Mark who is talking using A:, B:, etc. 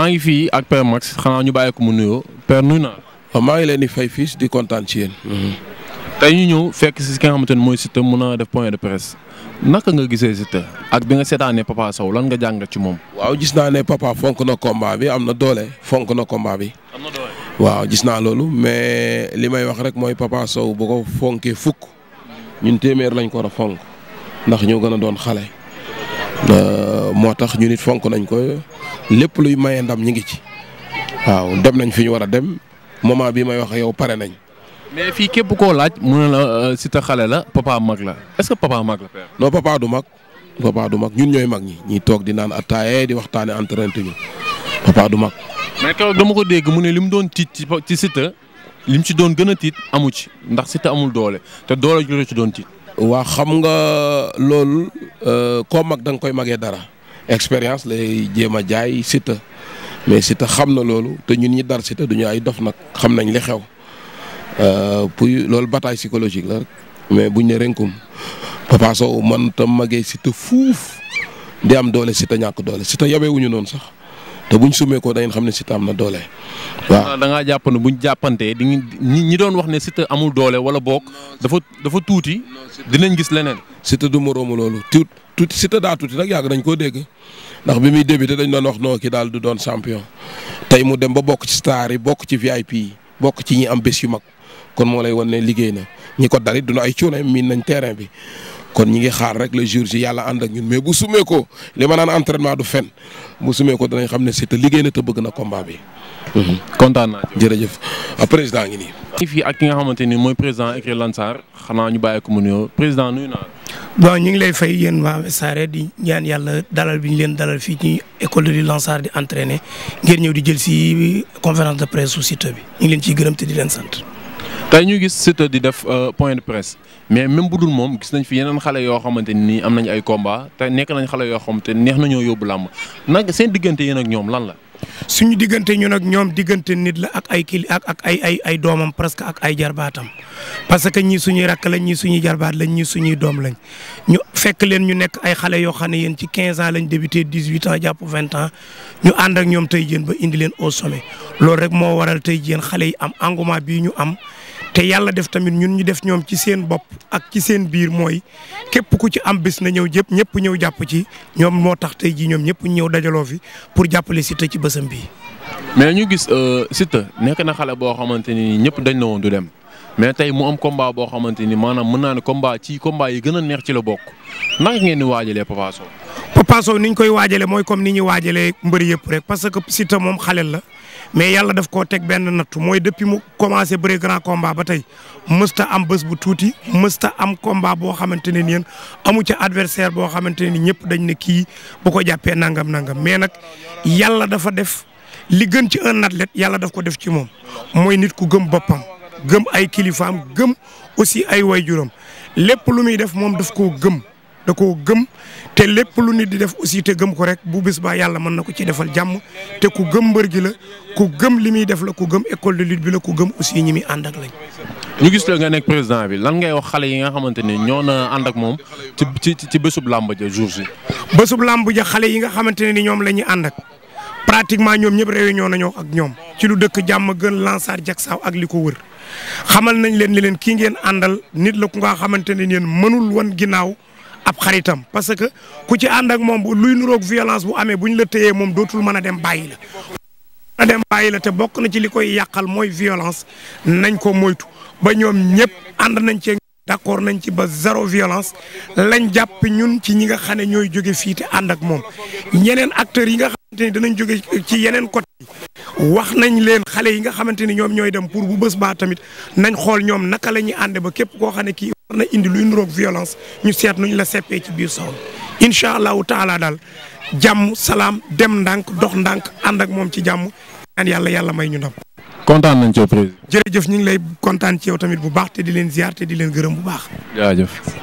A: maa ngi fii ak Père Max xanaa ñu bàyyi ko mu nuyoo Père nuyu naa. maa ngi leen di fay fii di kontaan ci yéen. Mhm. tey ñu ñëw fekk si ki nga xamante mooy Siteu mun a def point de presse naka nga gisee Siteu ak bi nga seetaanee Papa
B: Sow lan nga jàngat ci moom. waaw gis naa ne papa fonk na combat bi am na doole fonk na combat bi. am na waaw gis naa loolu mais li may wax rek mooy Papa Sow bu ko fonkee fukk ñun téeméer lañ ko war a fonk ndax ñoo gën a doon xale. Euh, moo tax ñu nit fonk nañ ko lépp luy maye ndam ñi ngi ci waaw dem nañ fi ñu war a dem moment bi may wax yow pare nañ.
A: mais fii képp koo laaj mu ne la euh, sita xale la
B: papa mag la est-ce que papa mag la. non papa du mag papa du mag ñun ñooy mag ñi ñuy toog di naan attaaye di waxtaane entraînement ñu papa du mag. mais keroog dama ko dégg mu
A: ne li mu doon tiit ci ci Siteu li mu ci doon gën a tiit amu ci ndax Siteu amul doole te
B: doole ju ci doon tiit. waa xam nga loolu euh, koo mag da nga koy magee dara. expérience lay jéem a jaay sita mais Siteu xam na loolu te ñun ñi dar Siteu duñu ay dof nag xam nañ li xew euh, pour loolu bataille psychologique la mais buñ ne renkum Papa Sow man tam magee Siteu fuuf di am doole Siteu ñàkk doole Siteu yabewuñu noonu sax. te buñ sumee ko dañu xam ne Siteu am na doole. waa da ngaa
A: jàpp ne buñ jàppantee di ñi doon wax ne Siteu amul doole wala boog dafa
B: dafa tuuti dinañ gis leneen. Siteu du moroomu loolu tuut tuuti Siteu daa tuuti nag yàgg dañ koo dégg ndax bi muy débuté dañ doon wax noo ki daal du doon champion tey mu dem ba bokk ci star yi bokk ci VIP yi bokk ci ñi am bés yu mag kon moo lay wan ne liggéey na ñi ko darit duna ay cuune miin nañ terrain bi kon ñi ngi xaar rek le jour ji yàlla ànd ak ñun mais bu sumee ko li ma naan entraînement du fen bu sumee ko danañ xam ne c'est te liggéey na te bëgg na komba bi. Mhm. kontaan naa jërëjëf ah, président ngi nii.
A: ñu fii ak ki nga xamante ni mooy président écurie Lansar xanaa ñu bàyyi ko mu nuyoo président nuyu naa
C: bon ñu ngi lay fay yéen waa Wassare di ñaan yàlla dalal bi ñu leen dalal fii ci école di Lansar di entraîner ngeen ñëw di jël si conférence de presse su Siteu bi ngi leen ciy gërëm te di leen sant.
A: tey ñu gis Siteu di def euh, point de presse mais même budul moom gis nañ fi yeneen xale yoo xamante ni am nañ ay combat te nekk nañ xale yoo xamante ni neex nañoo yóbbu làmb nag seen diggante yéen ak ñoom lan la.
C: suñu diggante ñun ak ñoom diggante nit la ak ay kili ak ak ay ay ay doomam presque ak ay jarbaatam parce que ñii suñuy rakk lañ ñii suñuy jarbaat lañ ñii suñuy doom lañ ñu fekk leen ñu nekk ay xale yoo xam ne yéen ci 15 ans lañ débuté 18 ans jàpp 20 ans ñu ànd ak ñoom tey jën ba indi leen au sommet loolu rek moo waral tey jën xale yi am engouement bii ñu am. te yàlla def tamit ñun ñu def ñoom ci seen bopp ak ci seen biir mooy képp ku ci am bés na ñëw jëpp ñëpp ñëw jàpp ci ñoom moo tax tey jii ñoom ñëpp ñëw dajaloo fi pour jàppale Siteu ci bésam bi
A: mais ñu gis euh, Siteu nekk na xale boo xamante ni ñëpp dañ na woon du dem mais tey mu am combat boo xamante ni maanaam mën naa ne combat ci combat yi gën a neex ci la bokk naka ngeen di waajalee Papa Sow
C: Papa Sow ni ñu koy waajale mooy comme ni ñuy waajalee mbëri yëpp rek parce que Siteu moom xalel la mais yàlla daf koo teg benn nattu mooy depuis mu commencé bëre grand combat ba tey mësta am bés bu tuuti mësta am combat boo xamante ne ni amu ca adversaire boo xamante ne ni ñëpp dañ ne kii bu ko jàppee nangam nangam mais nag yàlla dafa def li gën ci un athlète yàlla daf ko def ci moom mooy nit ku gëm boppam gëm ay kilifaam gëm aussi ay way waajuram lépp lu muy def moom daf koo gëm. da koo gëm te lépp lu nit di def aussi te gëm ko rek bu bés baa yàlla mën na ko ci defal jàmm te ku gëm mbër gi la ku gëm li muy def la ku gëm école de lutte bi la ku gëm aussi ñi mi ànd ak lañ.
A: ñu gis la nga nekk président bi lan ngay wax xale yi nga xamante ni ñoo na ànd ak moom ci ci ci bésub làmb ja jour si.
C: bésub làmb ja xale yi nga xamante ne ni ñoom la ñuy ànd ak pratiquement ñoom ñëpp réunion nañoo ak ñoom ci lu dëkk jàmm gën Lansar Diacksao ak li ko wër xamal nañ leen ni leen kii ngeen àndal nit la ku nga xamante ne ni mënul wan ginnaaw ab xaritam parce que ku ci ànd ak moom bu luy nuroog violence bu amee bu ñu la téyee moom dootul mën a dem bàyyi la. a dem bàyyi la te bokk na ci li koy yàqal mooy violence nañ ko moytu ba ñoom ñëpp ànd nañ cee d'accord nañ ci ba zéro violence lañ jàpp ñun ci ñi nga xam ne ñooy jóge fii ànd ak moom ñeneen acteurs yi nga xamante danañ joge ci yeneen côté wax nañ leen xale yi nga xamante ni ñoom ñooy dem pour bu bës baa tamit nañ xool ñoom naka la ñuy ànd ba képp koo xam kii war na indi luy nuroog violence ñu seet nuñ la seppee ci biir soxna incha allahu taalaa daal jàmm salaam dem ndànk dox ndànk ànd ak moom ci jàmm ñaan yàlla yàlla may ñu ndam.
A: kontaan nañ ci président.
C: jërëjëf ñu ngi lay kontaan ci yow tamit bu baax te di leen ziar te di leen gërëm bu baax.
A: jaajëf.